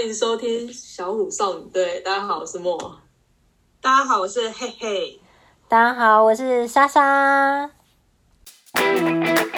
歡迎收聽小虎少女隊。大家好，我是莫。大家好，我是嘿嘿。大家好，我是莎莎。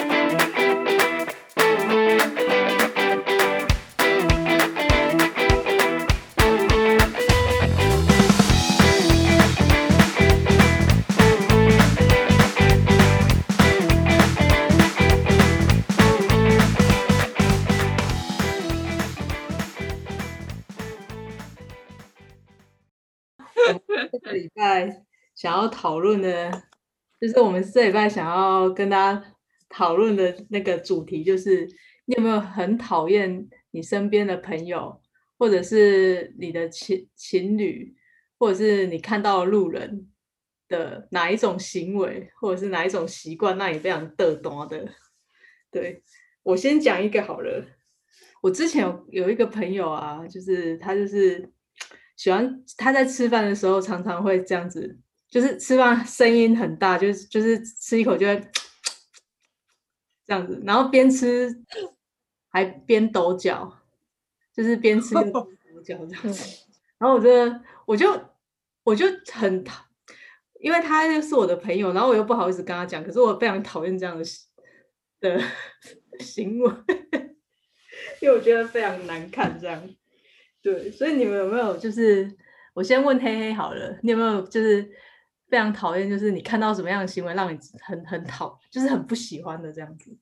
想要討論的，就是我們這禮拜想要跟大家討論的那個主題，就是你有沒有很討厭你身邊的朋友，或者是你的情情侶，或者是你看到的路人的哪一種行為，或者是哪一種習慣，讓你非常得多的？對，我先講一個好了，我之前有有一個朋友啊，就是他就是喜歡他在吃飯的時候常常會這樣子。就是吃飯聲音很大，就是就是吃一口就會咳咳咳這樣子，然後邊吃還邊抖腳，就是邊吃邊抖腳這樣子。 然後我覺得我就我就很討，因為他是我的朋友，然後我又不好意思跟他講。可是我非常討厭這樣的的行為，因為我覺得非常難看這樣。對，所以你們有沒有就是我先問嘿嘿好了，你有沒有就是？非常討厭，就是你看到什麼樣的行為讓你很很討，就是很不喜歡的這樣子。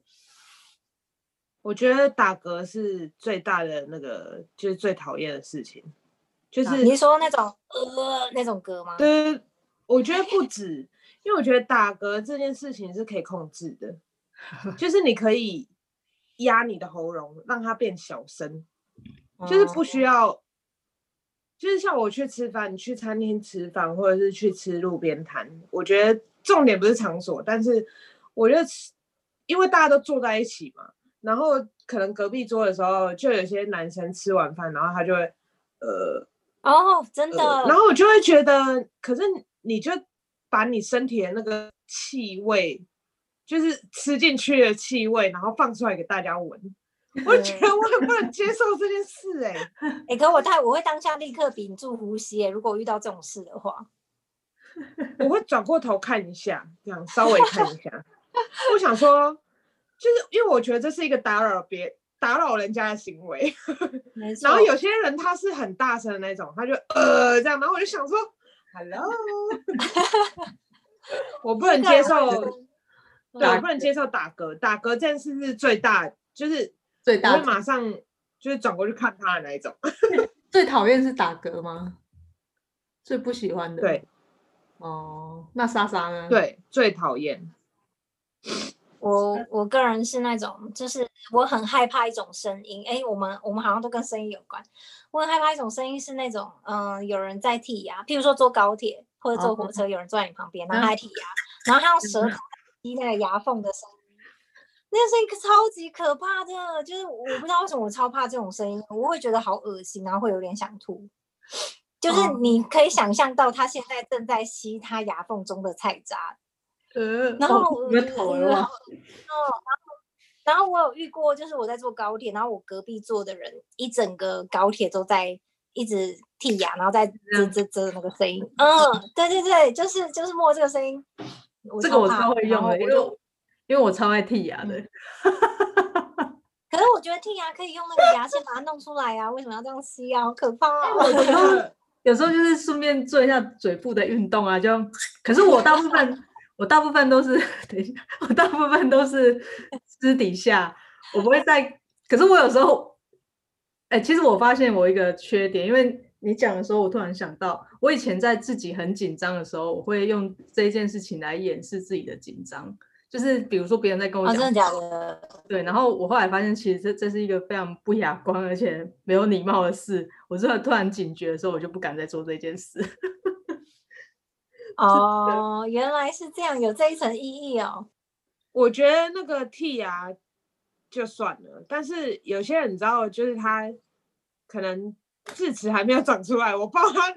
我覺得打嗝是最大的那個，就是最討厭的事情。就是、啊、你說那種呃那種嗝嗎？對，我覺得不止， 因為我覺得打嗝這件事情是可以控制的，就是你可以壓你的喉嚨，讓它變小聲，就是不需要。嗯嗯。就是像我去吃飯，你去餐廳吃飯，或者是去吃路邊攤，我覺得重點不是場所，但是我覺得吃，因為大家都坐在一起嘛，然後可能隔壁桌的時候，就有些男生吃完飯，然後他就會，呃，哦，oh, 真的。呃，然後我就會覺得，可是你就把你身體的那個氣味，就是吃進去的氣味，然後放出來給大家聞。 我覺得我很不能接受這件事、欸，哎哎、欸，可我太我會當下立刻屏住呼吸、欸，如果遇到這種事的話，我會轉過頭看一下，這樣稍微看一下。 我想說，就是因為我覺得這是一個打擾別打擾人家的行為，沒錯。 然後有些人他是很大聲的那種，他就呃這樣，然後我就想說 ，Hello， 我不能接受， 對，我不能接受打嗝，打嗝這件事是最大，就是。我會馬上就是轉過去看他的那一種。 最討厭是打嗝嗎？最不喜歡的。對。哦。Oh, 那莎莎呢？對，最討厭。我我個人是那種，就是我很害怕一種聲音。哎，我們我們好像都跟聲音有關。我很害怕一種聲音是那種，嗯、呃，有人在剔牙。譬如說坐高鐵或者坐火車，有人坐在你旁邊，然後還剔牙，然後他用舌頭剔那個牙縫的聲音。那個聲音超級可怕的，就是我不知道為什麼我超怕這種聲音，我會覺得好噁心，然後會有點想吐。就是你可以想象到他現在正在吸他牙縫中的菜渣，嗯，然後，然後然後，然後我有遇過，就是我在坐高鐵，然後我隔壁坐的人一整個高鐵都在一直剔牙，然後在滋滋滋那個聲音，嗯，嗯，對對對，就是就是莫這個聲音，這個我超會用的，我就。因為我超愛剔牙的，嗯， 可是我覺得剔牙可以用那個牙線把它弄出來啊， 為什麼要這樣吸啊？好可怕，哦，啊！我 有時候就是順便做一下嘴部的運動啊，就可是我大部分 我大部分都是等一下，我大部分都是私底下，我不會在。可是我有時候，哎，欸，其實我發現我一個缺點，因為你講的時候，我突然想到，我以前在自己很緊張的時候，我會用這件事情來掩飾自己的緊張。就是比如說別人在跟我講，哦，真的假的？對，然後我後來發現，其實這這是一個非常不雅觀而且沒有禮貌的事。我真的突然警覺的時候，我就不敢再做這件事。 的哦，原來是這樣，有這一層意義哦。我覺得那個剔牙就算了，但是有些人你知道，就是他可能智齒還沒有長出來，我不知道他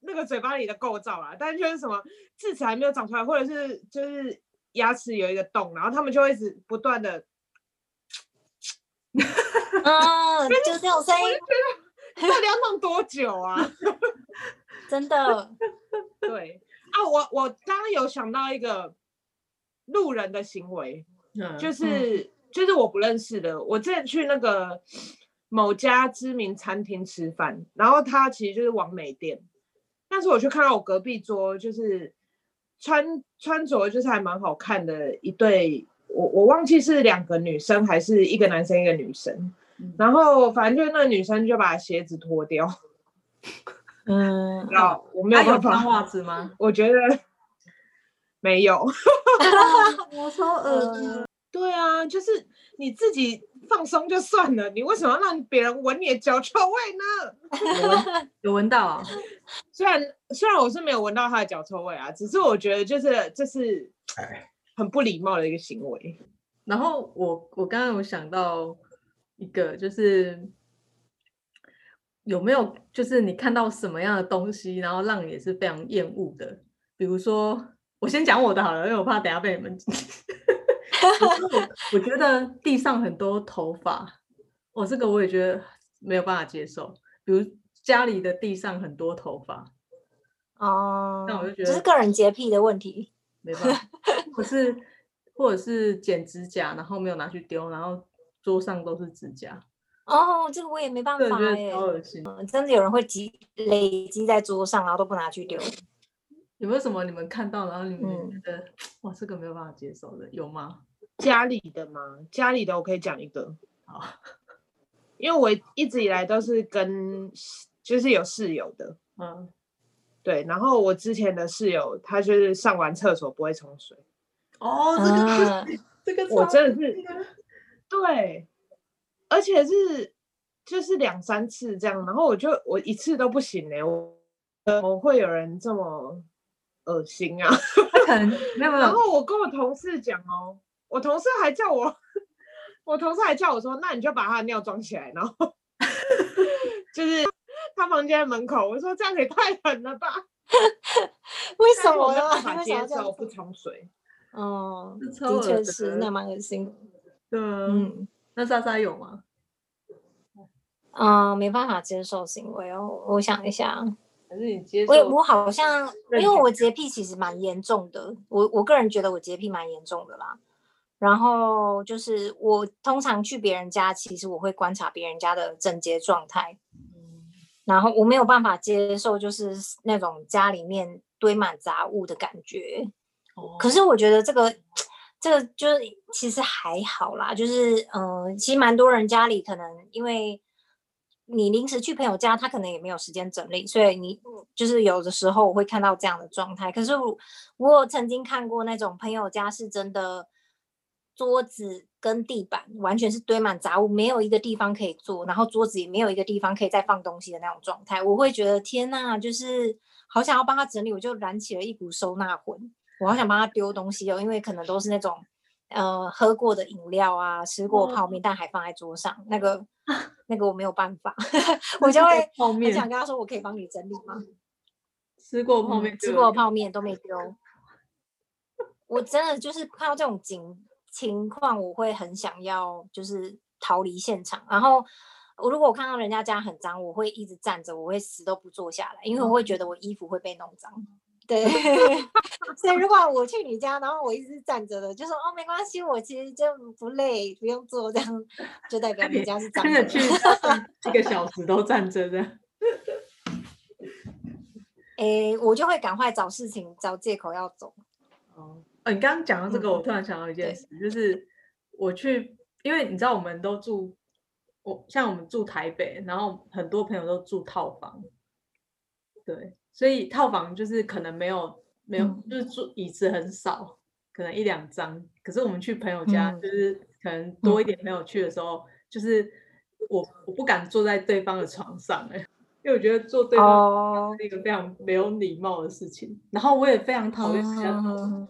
那個嘴巴裡的構造啊，但是就是什麼智齒還沒有長出來，或者是就是。牙齒有一個洞，然後他們就會一直不斷的，啊，uh, 就是這種聲音。到底要弄多久啊？ 真的？對啊，我我剛剛有想到一個路人的行為，uh, 就是、uh. 就是我不認識的，我之前去那個某家知名餐廳吃飯，然後他其實就是網美店，但是我去看到我隔壁桌就是。穿穿着就是還蠻好看的一對，我我忘記是兩個女生還是一個男生一個女生，嗯嗯、然後反正就那女生就把鞋子脫掉，嗯，然後我沒有，辦法、啊啊、有穿襪子嗎？我覺得沒有， 啊、我說呃，對啊，就是你自己。放鬆就算了，你為什麼要讓別人聞你的腳臭味呢？ 有聞到啊，雖然雖然我是沒有聞到他的腳臭味啊，只是我覺得就是這、就是很不禮貌的一個行為。 然後我我剛剛有想到一個，就是有沒有就是你看到什麼樣的東西，然後讓你也是非常厭惡的？比如說，我先講我的好了，因為我怕等下被你們。 可是我我覺得地上很多頭髮，我這個我也覺得沒有辦法接受。比如家裡的地上很多頭髮，哦、嗯，那我就覺得就是個人潔癖的問題，沒辦法。或 是或者是剪指甲，然後沒有拿去丟，然後桌上都是指甲。哦，這個我也沒辦法哎，好噁心！真的，嗯、有人會積累積在桌上，然後都不拿去丟。有沒有什麼你們看到，然後你們覺得哇，這個沒有辦法接受的，有嗎？家裡的嗎？家裡的我可以講一個，好因為，我一直以來都是跟就是有室友的，嗯，對，然後我之前的室友他就是上完廁所不會沖水，哦，這個、啊、 這個我真的是，對，而且是就是兩三次這樣，然後我就我一次都不行哎、欸，我怎麼會有人這麼噁心啊？那麼 然後我跟我同事講哦。我同事還叫我，我同事還叫我說：“那你就把他的尿裝起來，然後 就是他房間門口。”我說：“這樣也太狠了吧？ 為什麼呢？”我要接受、 嗯、不沖水，哦，的確是那蠻惡心，對啊，嗯，那莎莎有嗎？啊、嗯，沒辦法接受行為哦。我想一下，還是你接受我？我好像因為我潔癖其實蠻嚴重的，我我個人覺得我潔癖蠻嚴重的啦。然後就是我通常去別人家，其實我會觀察別人家的整潔狀態。嗯，然後我沒有辦法接受就是那種家裡面堆滿雜物的感覺。可是我覺得這個，哦、這個就是其實還好啦。就是嗯、呃，其實蠻多人家裡可能因為你臨時去朋友家，他可能也沒有時間整理，所以你就是有的時候我會看到這樣的狀態。可是我，我曾經看過那種朋友家是真的。桌子跟地板完全是堆滿雜物，沒有一個地方可以坐，然後桌子也沒有一個地方可以再放東西的那種狀態，我會覺得天哪，就是好想要幫他整理，我就燃起了一股收納魂，我好想幫他丟東西哦，因為可能都是那種，呃，喝過的飲料啊，吃過泡面但還放在桌上、哦、那個，那個我沒有辦法， 我就會 我想跟他說我可以幫你整理嗎？吃過泡面、嗯，吃過泡面都沒丟， 我真的就是看到這種景。情況我會很想要，就是逃離現場。然後我如果我看到人家家很髒，我會一直站着，我會死都不坐下來，因為我會覺得我衣服會被弄髒。對， 所以如果我去你家，然後我一直站着的，就說哦沒關係，我其實就不累，不用坐這樣，就代表你家是髒的。去一個小時都站着的，哎，我就會趕快找事情、找借口要走。哦、你剛剛講到這個，嗯、我突然想到一件事，對就是我去，因為你知道，我們都住，我像我們住台北，然後很多朋友都住套房，對，所以套房就是可能沒有沒有，嗯、就是坐椅子很少，可能一兩張。可是我們去朋友家，嗯、就是可能多一點朋友去的時候，嗯、就是我我不敢坐在對方的床上、欸，哎，因為我覺得坐對方是一個非常沒有禮貌的事情，哦、然後我也非常討厭這樣。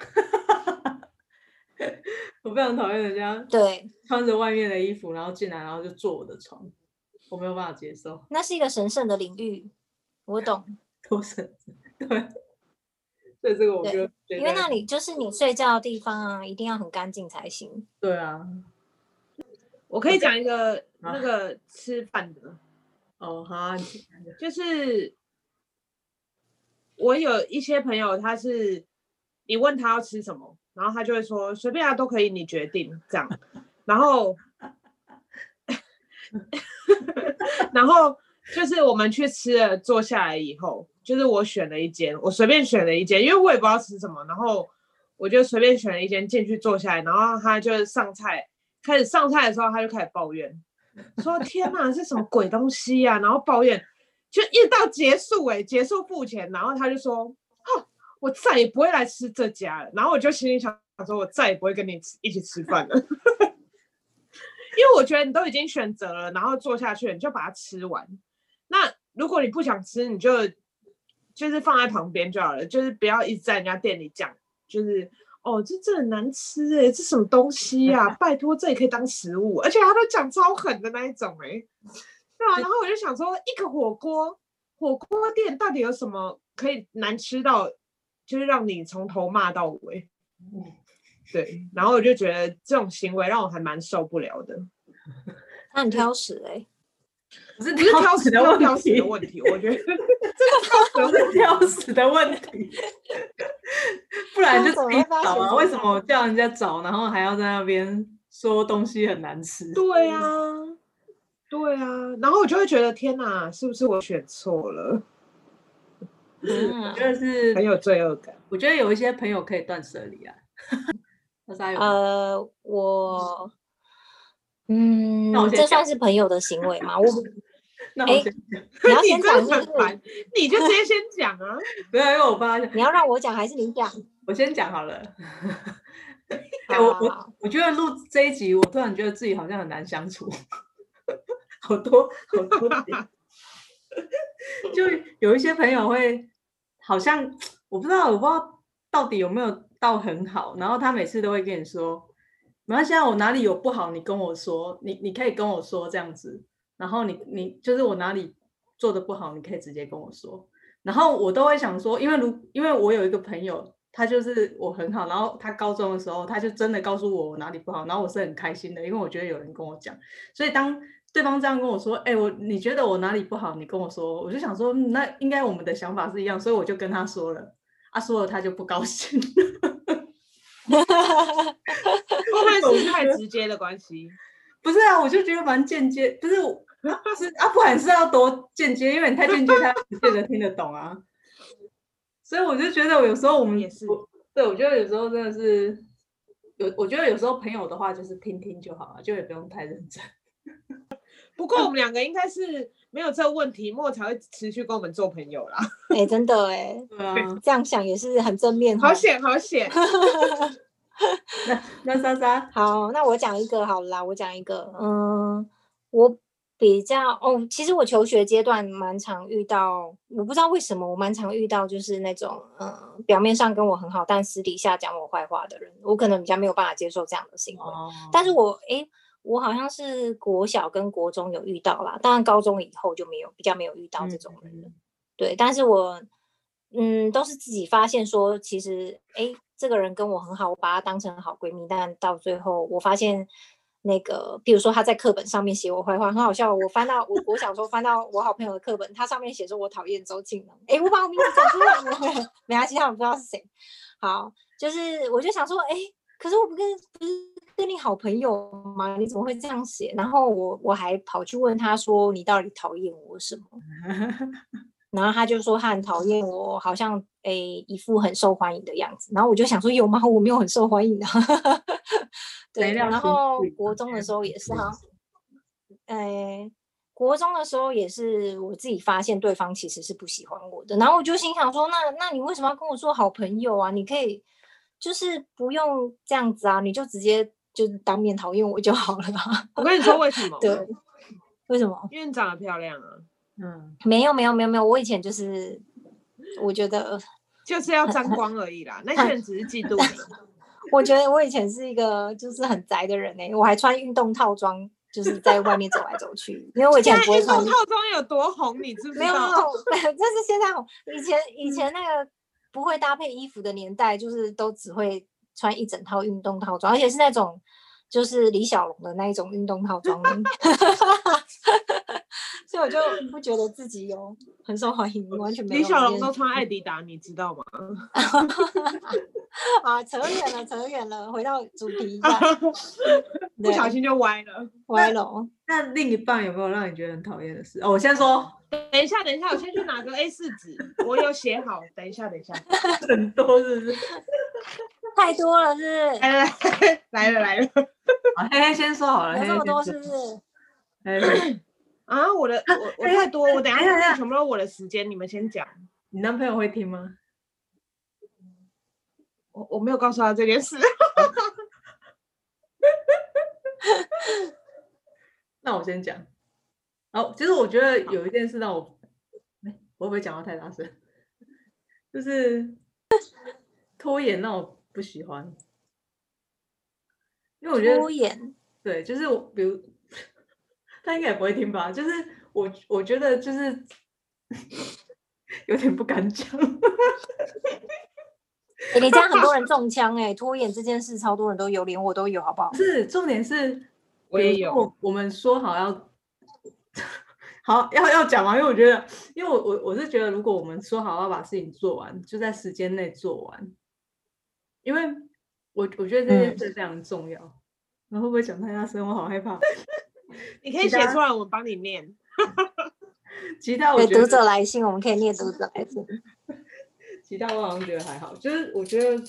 我非常討厭人家對穿着外面的衣服，然後進來，然後就坐我的床，我沒有辦法接受。那是一個神聖的領域，我懂。多神聖 對，所 以這個我覺得，因為那裡就是你睡覺的地方啊，一定要很乾淨才行。對啊，Okay. 我可以講一個那個 Okay. 吃飯的哦，好，oh, okay. 就是 我有一些朋友，他是。你問他要吃什麼，然後他就會說隨便啊都可以，你決定這樣。然後， 然後就是我們去吃了，坐下來以後，就是我選了一間，我隨便選了一間，因為我也不知道吃什麼，然後我就隨便選了一間進去坐下來，然後他就上菜，開始上菜的時候他就開始抱怨，說天哪是什麼鬼東西啊，然後抱怨，就一直到結束，欸，哎，結束付錢，然後他就說。我再也不會來吃這家了，然後我就心裡想說：“我再也不會跟你一起吃飯了。 ”因為我覺得你都已經選擇了，然後坐下去你就把它吃完。那如果你不想吃，你就就是放在旁邊就好了，就是不要一直在人家店裡講，就是哦，這這很難吃欸，這什麼東西啊？拜託，這也可以當食物？ 而且他都講超狠的那一種欸。對啊。然後我就想說，一個火鍋火鍋店到底有什麼可以難吃到？就是讓你從頭罵到尾，對，然後我就覺得這種行為讓我還蠻受不了的。很挑食哎、欸，不 是挑食的、的、 的問題，我覺得 這個真的是 挑食的問題。 不然你就你找啊， 為什麼叫人家找，然後還要在那邊說東西很難吃？對呀、啊、對啊，然後我就會覺得天哪、啊，是不是我選錯了？是嗯、啊，就是很有罪惡感。我覺得有一些朋友可以斷舍離啊，我 呃，我，嗯，那我這算是朋友的行為嗎？我，哎， 欸、你要先講、就是，你就直接先講啊！不要 因為我爸，你要讓我講還是你講？ 我先講好了。哎、 欸，我我我覺得錄這一集，我突然覺得自己好像很難相處， 好多好多點 就有一些朋友會。好像我不知道，我不知道到底有沒有到很好。然後他每次都會跟你說，沒關係，我哪裡有不好，你跟我說，你你可以跟我說這樣子。然後你你就是我哪裡做得不好，你可以直接跟我說。然後我都會想說，因為如因為我有一個朋友，他就是我很好。然後他高中的時候，他就真的告訴我我哪裡不好，然後我是很開心的，因為我覺得有人跟我講。所以當對方這樣跟我說：“哎、欸，我你覺得我哪裡不好？你跟我說。”我就想說，嗯、那應該我們的想法是一樣，所以我就跟他說了。他、啊、說了他就不高興。哈哈哈！會不會是太直接的關係？ 不是啊，我就覺得蠻間接，不是我是啊，不管是要多間接，因為你太間接，他不見得聽得懂啊。所以我就覺得，有時候我們也是我對，我覺得有時候真的是有，我覺得有時候朋友的話就是聽聽就好了，啊，就也不用太認真。 不過我們兩個應該是沒有這個問題，莫才會持續跟我們做朋友啦。哎、欸，真的哎、欸，嗯、這樣想也是很正面。好險，好險 那那沙沙好，那我講一個好了啦，我講一個。嗯，我比較哦，其實我求學階段蠻常遇到，我不知道為什麼我蠻常遇到就是那種嗯，表面上跟我很好，但私底下講我壞話的人，我可能比較沒有辦法接受這樣的行為。哦、但是我哎。欸我好像是國小跟國中有遇到啦，當然高中以後就沒有比較沒有遇到這種人了。嗯嗯、對，但是我嗯都是自己發現說，其實哎、欸，這個人跟我很好，我把她當成好閨蜜，但到最後我發現那個，比如說她在課本上面寫我壞話，很好笑。我翻到 我國小時候翻到我好朋友的課本，她上面寫着我討厭周靜龍。哎、欸，我把我名字寫出來了、 嗯，沒啊？其他我不知道是誰。好，就是我就想說，哎、欸。可是我不跟，不是跟你好朋友嗎？你怎麼會這樣寫？然後我我還跑去問他說：“你到底討厭我什麼？” 然後他就說：“他很討厭我，好像誒、欸、一副很受歡迎的樣子。”然後我就想說：“有嗎？我沒有很受歡迎的、啊。 ”對。然後國中的時候也是哈，誒、欸，國中的時候也是我自己發現對方其實是不喜歡我的。然後我就心想說：“那那你為什麼要跟我做好朋友啊？你可以。”就是不用這樣子啊，你就直接就當面討厭我就好了吧。我跟你說為什麼？ 對，為什麼？因為你長得漂亮啊。嗯，沒，沒有沒有沒有沒有，我以前就是，我覺得就是要沾光而已啦。 那些人只是嫉妒你。 我覺得我以前是一個就是很宅的人呢、欸，我還穿運動套裝，就是在外面走來走去。 因為我以前運動套裝有多紅，你知不知道？沒有沒有，是現在紅。以前以前那個。 不會搭配衣服的年代，就是都只會穿一整套運動套裝，而且是那種就是李小龍的那一種運動套裝。 所以，我就不覺得自己有很受歡迎，完全沒有。李小龍都穿艾迪達， 你知道嗎？ 啊，扯遠了，扯遠了，回到主題一下 對不小心就歪了，歪了。那，那另一半有沒有讓你覺得很討厭的事？哦，我先說。等一下，等一下，我先去拿個 A 四紙，我有寫好。等一下，等一下，很多是不是？太多了是不是？來來來，來了來了。先說好了，這麼多是不是？哎，啊，我的，我我太多，我等一下，全部都，我的時間，你們先講。你男朋友會聽嗎？我我沒有告訴他這件事。那我先講。哦，其實我覺得有一件事讓我……沒、啊，我會不會講話太大聲？就是拖延，那我不喜歡，因為我覺得拖延對，就是我比如他應該也不會聽吧，就是我我覺得就是有點不敢講。欸、你家很多人中槍哎、欸，啊、拖延這件事超多人都有，連我都有，好不好？是，重點是我也有。我們說好要。 好要要講完。因為我覺得，因為我我我是覺得，如果我們說好要把事情做完，就在時間內做完，因為我我覺得這件事非常重要。然後、嗯、會不會講太大聲？我好害怕。你可以寫出來，我幫你念。 其他我覺得、欸、讀者來信，我們可以念讀者來信。其他我好像覺得還好，就是我覺得，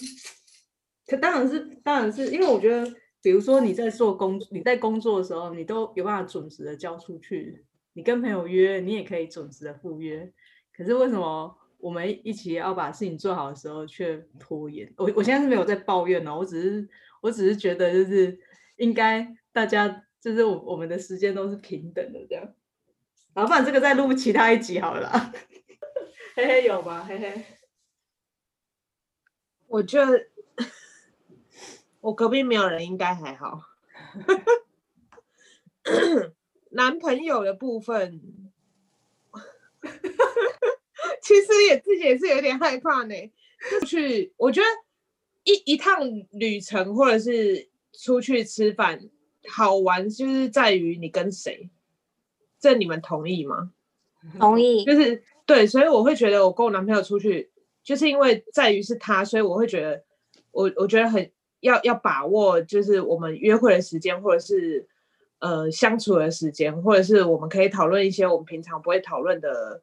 可當然是當然是，當然是，因為我覺得。比如說你在做工，你在工作的時候，你都有辦法準時的交出去。你跟朋友約，你也可以準時的赴約。可是為什麼我們一起要把事情做好的時候卻拖延？我我現在是沒有在抱怨呢，我只是我只是覺得就是應該大家就是我們的時間都是平等的這樣。好然後不然這個再錄其他一集好了。 嘿嘿，有嗎？嘿嘿，我就。我隔壁沒有人，應該還好。 男朋友的部分， 其實也自己也是有點害怕呢。出去，我覺得一一趟旅程或者是出去吃飯，好玩就是在於你跟誰。這你們同意嗎？同意。 就是對，所以我會覺得我跟我男朋友出去，就是因為在於是他，所以我會覺得我我覺得很。要要把握，就是我們約會的時間，或者是呃相處的時間，或者是我們可以討論一些我們平常不會討論的，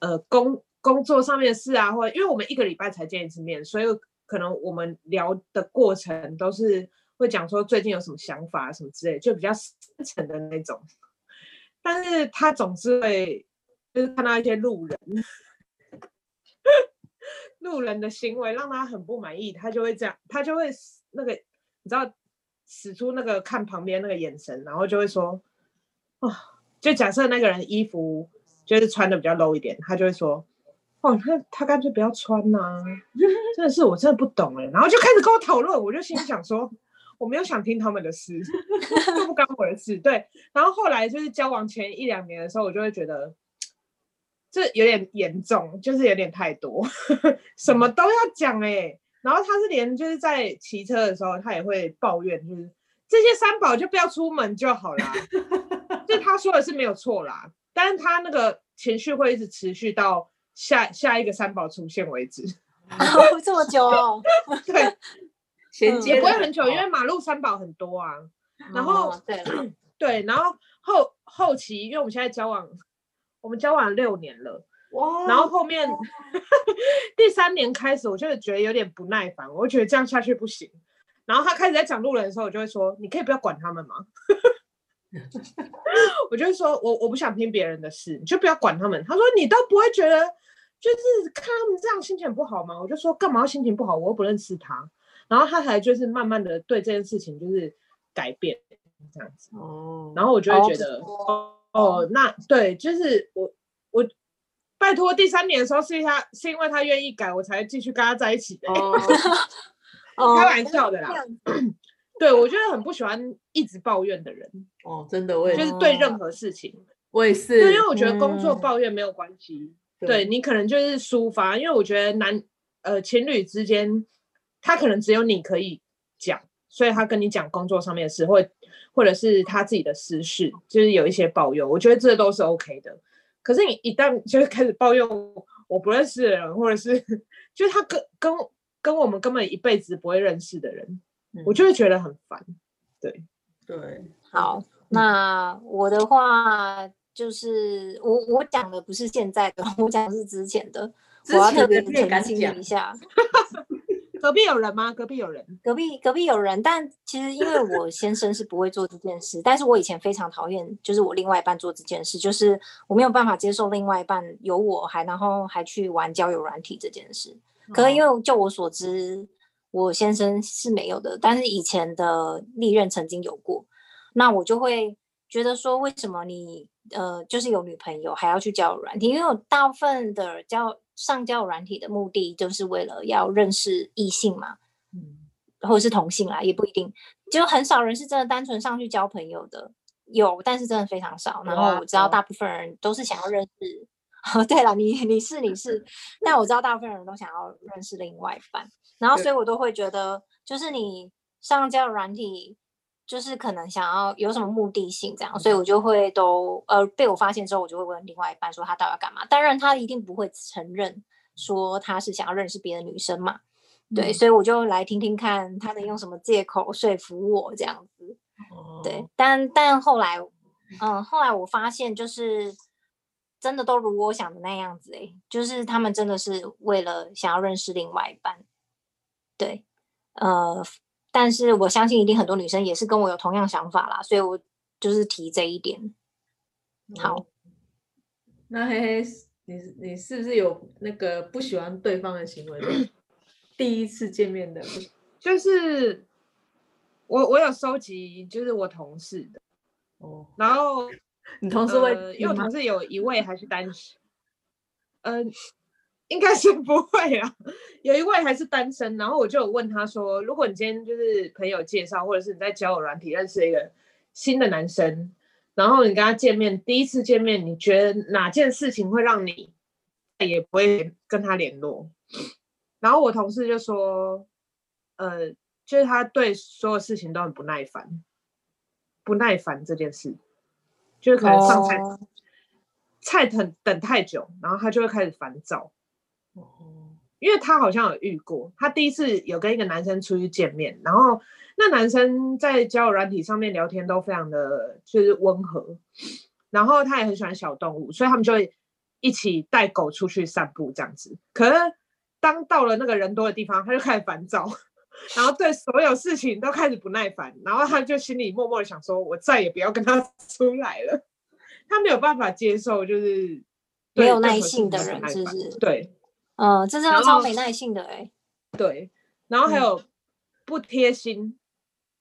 呃工工作上面的事啊，或者因為我們一個禮拜才見一次面，所以可能我們聊的過程都是會講說最近有什麼想法什麼之類，就比較深層的那種。但是他總是會就是看到一些路人， 路人的行為讓他很不滿意，他就會這樣，他就會。那個，你知道，使出那個看旁邊那個眼神，然後就會說，哦，就假設那個人的衣服就是穿的比較 low 一點，他就會說，哦，他他乾脆不要穿吶、啊，真的是，我真的不懂哎。然後就開始跟我討論，我就心裡想說，我沒有想聽他們的事，又不干我的事，對。然後後來就是交往前一兩年的時候，我就會覺得，這有點嚴重，就是有點太多，什麼都要講哎、欸。然後他是連就是在騎車的時候，他也會抱怨，就是這些三寶就不要出門就好啦。 就他說的是沒有錯啦，但是他那個情緒會一直持續到下下一個三寶出現為止。哦、 這麼久、哦對？對，銜接也不會很久，哦、因為馬路三寶很多啊。然後、哦、對對，然後後後期，因為我們現在交往，我們交往了六年了。哇然後後面哈哈第三年開始，我就是覺得有點不耐煩，我就覺得這樣下去不行。然後他開始在講路人的時候，我就會說：“你可以不要管他們嗎？” 我就說：“我我不想聽別人的事，你就不要管他們。”他說：“你都不會覺得，就是看他們這樣心情不好嗎？”我就說：“幹嘛心情不好？我又不認識他。”然後他才就是慢慢的對這件事情就是改變這樣子。哦，然後我就會覺得，哦,哦,哦，那對，就是我我。我拜託，第三年的時候，是他是因為他願意改，我才繼續跟他在一起的。開玩笑的啦，oh. 對，我覺得很不喜歡一直抱怨的人。哦，oh, 真的，我也是。就是對任何事情，oh. 對我也是。對，因為我覺得工作抱怨沒有關係。Mm. 對，對你可能就是抒發，因為我覺得男呃情侶之間，他可能只有你可以講，所以他跟你講工作上面的事，或或者是他自己的私事，就是有一些抱怨，我覺得這都是 OK 的。可是你一旦就是開始抱怨我不認識的人，或者是就是他跟跟跟我們根本一輩子不會認識的人，嗯、我就會覺得很煩。對對，好，那我的話就是我我講的不是現在的，我講的是之前的，前的我要特別澄清一下。 隔壁有人嗎？隔壁有人，隔壁隔壁有人，但其實因為我先生是不會做這件事， 但是我以前非常討厭，就是我另外一半做這件事，就是我沒有辦法接受另外一半有我還然後還去玩交友軟體這件事。可能因為就我所知，嗯、我先生是沒有的，但是以前的歷任曾經有過，那我就會覺得說，為什麼你？呃，就是有女朋友還要去交軟體，因為我大部分的交上交軟體的目的就是為了要認識異性嘛，嗯，或者是同性啦，也不一定，就很少人是真的單純上去交朋友的，有，但是真的非常少。啊、然後我知道大部分人都是想要認識，哦，對啦，你你是你是，那 我知道大部分人都想要認識另外一半，然後所以我都會覺得，就是你上交軟體。就是可能想要有什麼目的性這樣，所以我就會都呃被我發現之後，我就會問另外一半說他到底要幹嘛。當然他一定不會承認說他是想要認識別的女生嘛，對，嗯、所以我就來聽聽看他能用什麼借口說服我這樣子。對，但但後來，嗯、呃，後來我發現就是真的都如我想的那樣子，哎，就是他們真的是為了想要認識另外一半。對，呃。但是我相信，一定很多女生也是跟我有同樣想法啦，所以我就是提這一點。好，嗯、那嘿嘿，你你是不是有那個不喜歡對方的行為？ 第一次見面的，就是我我有收集，就是我同事的哦。然後你同事會、呃，因為我同事有一位還是單身，嗯。呃應該是不會啊， 有一位還是單身，然後我就有問他說：“如果你今天就是朋友介紹，或者是你在交友軟體認識一個新的男生，然後你跟他見面，第一次見面，你覺得哪件事情會讓你再也不會跟他聯絡？”然後我同事就說：“呃，就是他對所有事情都很不耐煩，不耐煩這件事，就是可能上菜、oh. 菜等等太久，然後他就會開始煩躁。”哦，因為他好像有遇過，他第一次有跟一個男生出去見面，然後那男生在交友軟體上面聊天都非常的就是溫和，然後他也很喜歡小動物，所以他們就會一起帶狗出去散步這樣子。可是當到了那個人多的地方，他就開始煩躁，然後對所有事情都開始不耐煩，然後他就心裡默默的想說：“我再也不要跟他出來了。”他沒有辦法接受，就是，對對是太太沒有耐性的人是不是，就是對。哦、呃，這是他超沒耐性的哎、欸。對，然後還有不貼心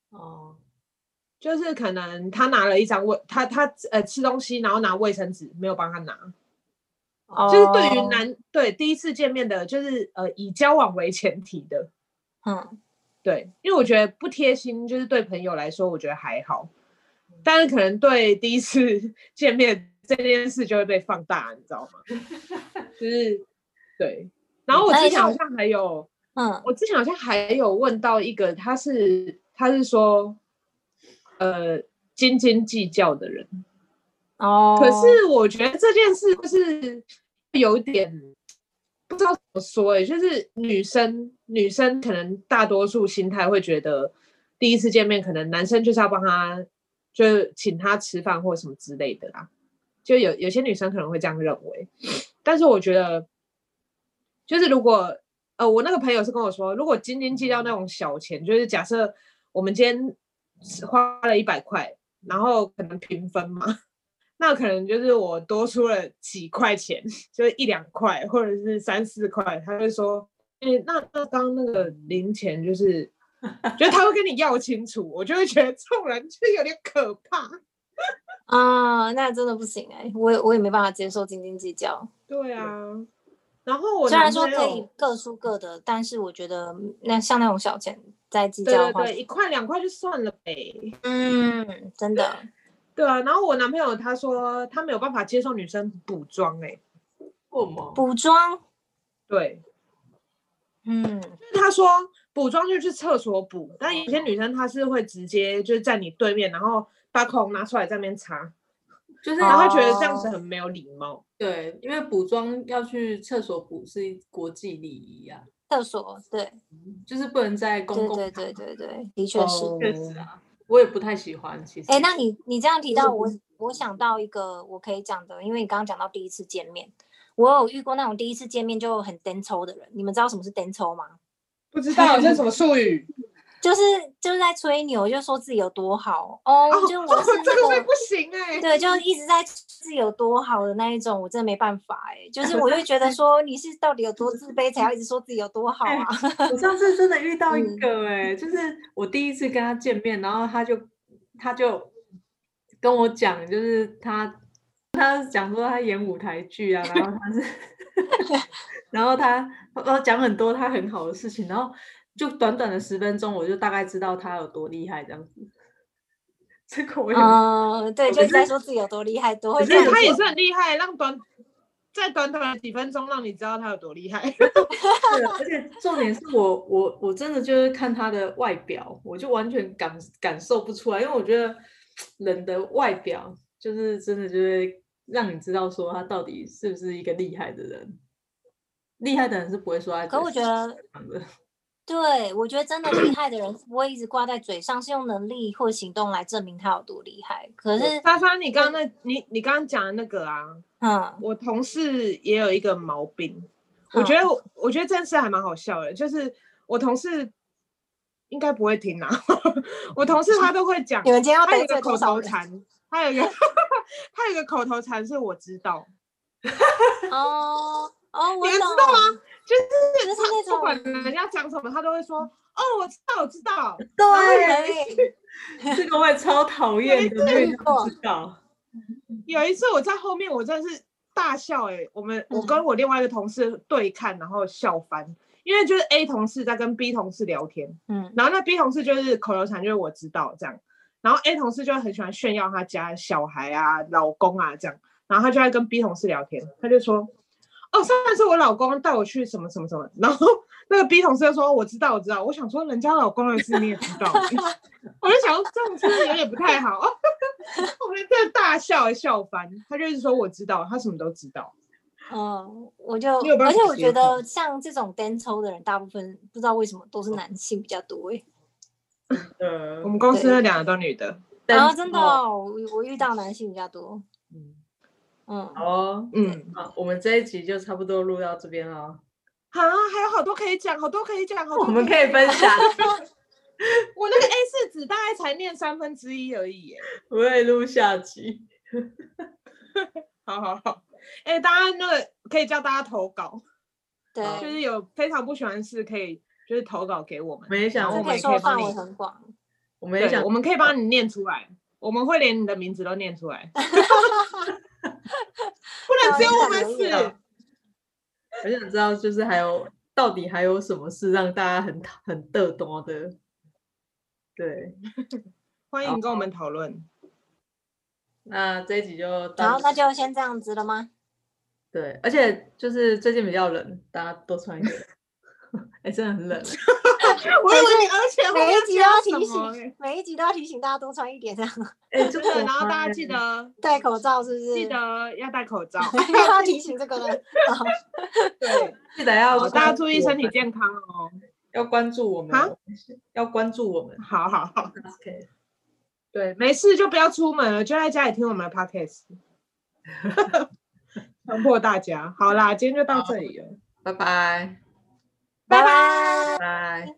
哦、嗯呃，就是可能他拿了一張衛他他呃吃東西，然後拿衛生紙沒有幫他拿。哦，就是對於男對第一次見面的，就是呃以交往為前提的。嗯，對，因為我覺得不貼心，就是對朋友來說我覺得還好，但是可能對第一次見面這件事就會被放大，你知道嗎？就是。 對，然後我之前好像還有，嗯，我之前好像還有問到一個，他是他是說，呃，斤斤計較的人哦。可是我覺得這件事就是有點不知道怎麼說哎、欸，就是女生女生可能大多數心態會覺得，第一次見面可能男生就是要幫他，就請他吃飯或什麼之類的啦。就有有些女生可能會這樣認為，但是我覺得。就是如果，呃，我那個朋友是跟我說，如果斤斤計較那種小錢，就是假設我們今天花了一百塊，然後可能平分嘛，那可能就是我多出了幾塊錢，就是一兩塊或者是三四塊，他會說，哎，那那當那個零錢，就是，覺得 他會跟你要清楚，我就會覺得這種人就有點可怕。啊 ，uh, 那真的不行哎、欸，我也我也沒辦法接受斤斤計較。對啊。然後我雖然說可以各輸各的，但是我覺得那像那種小錢在計較的話，對對對，一塊兩塊就算了唄。嗯，對真的。對啊，然後我男朋友他說他沒有辦法接受女生補妝、欸，哎，什麼？補妝？對，嗯，他說補妝就是去廁所補，嗯、但有些女生她是會直接就是在你對面，然後把口紅拿出來在那邊擦。就是他會覺得這樣子很沒有禮貌，oh, 對，因為補妝要去廁所補是國際禮儀啊。廁所對、嗯，就是不能在公共、啊。對對,對對對對，的確是。Oh, 確實啊，我也不太喜歡。其實，哎，那你你這樣提到我，我想到一個我可以講的，因為你剛剛講到第一次見面，我有遇過那種第一次見面就很單抽的人。你們知道什麼是單抽嗎？不知道，這是什麼術語？ 就是就是在吹牛，就說自己有多好，oh, 哦。就我是、那個哦、這個真的不行誒、欸。對，就一直在自己有多好的那一種，我真的沒辦法誒、欸。就是我就覺得說你是到底有多自卑， 才要一直說自己有多好啊？欸、我上次真的遇到一個誒、欸，嗯、就是我第一次跟他見面，然後他就他就跟我講，就是他他講說他演舞台劇啊，然後他是， 然後他然後講很多他很好的事情，然後。就短短的十分鐘，我就大概知道他有多厲害，這樣子。這個哦、uh, 對，就是在說自己有多厲害，就是、多。其實他也是很厲害，讓短，再短短幾分鐘讓你知道他有多厲害。 而且重點是我，我我真的就是看他的外表，我就完全感感受不出來，因為我覺得人的外表就是真的就會讓你知道說他到底是不是一個厲害的人。厲害的人是不會說。可我覺得。對，我覺得真的厲害的人不會一直掛在嘴上， 是用能力或行動來證明他有多厲害。可是，莎莎，你剛剛那，嗯、你你剛剛講的那個啊，嗯，我同事也有一個毛病，嗯、我覺得我覺得這件事還蠻好笑的，就是我同事應該不會聽啊， 我同事他都會講，你們今天要帶一個口頭禪， 他有一個 他有個口頭禪是我知道，哦。 Oh. 哦，我、oh, 知道嗎？懂就是他不管人家講什麼，他都會說哦，我知道，我知道。對，這 個我也超討厭的，我知道。有一次我在後面，我真的是大笑哎、欸。我們、嗯、我跟我另外一個同事對看，然後笑翻，因為就是 A 同事在跟 B 同事聊天，嗯，然後那 B 同事就是口頭禪，就是我知道這樣。然後 A 同事就很喜歡炫耀他家小孩啊、老公啊這樣，然後他就在跟 B 同事聊天，他就說。哦，上次我老公帶我去什麼什麼什麼，然後那個 B 同事就說：“我，我知道，我知道。”我想說，人家老公的事你也知道， 我就想說這樣子有點不太好。 哦、我們在大笑，笑翻。他就是說我知道，他什麼都知道。嗯，我就我而且我覺得像這種單抽的人，大部分不知道為什麼都是男性比較多誒、欸。嗯， 我們公司兩個都女的。對然後真的、哦，我我遇到男性比較多。嗯。嗯、哦，好，嗯，好，我們這一集就差不多錄到這邊了。啊，還有好多可以講，好多可以講，好多我們可以分享。 我那個 A 四紙大概才念三分之一而已，我也錄下集。 好好好，哎、欸，大家那個可以叫大家投稿，對，就是有非常不喜歡的事可以就是投稿給我們。沒想，我們可以幫你很廣。我們也想，我們可以幫你念出來，哦、我們會連你的名字都念出來。 不能只有我們是。是喔，我想知道，就是還有到底還有什麼事讓大家很很得多的？對，歡迎跟我們討論。Oh. 那這一集就到然後那就先這樣子了嗎？對，而且就是最近比較冷，大家多穿一點。哎， 欸，真的很冷，欸。 我以為，而且每一集都要提醒，每一集都要提醒大家多穿一點這樣。哎，真的，然後大家記得戴口罩是不是？記得要戴口罩，還要提醒這個呢。對，記得要大家注意身體健康哦。要關注我們，要關注我們。好好好，OK。對，沒事就不要出門了，就在家裡聽我們的 Podcast，強迫大家。好啦，今天就到這裡了，拜拜，拜拜，拜。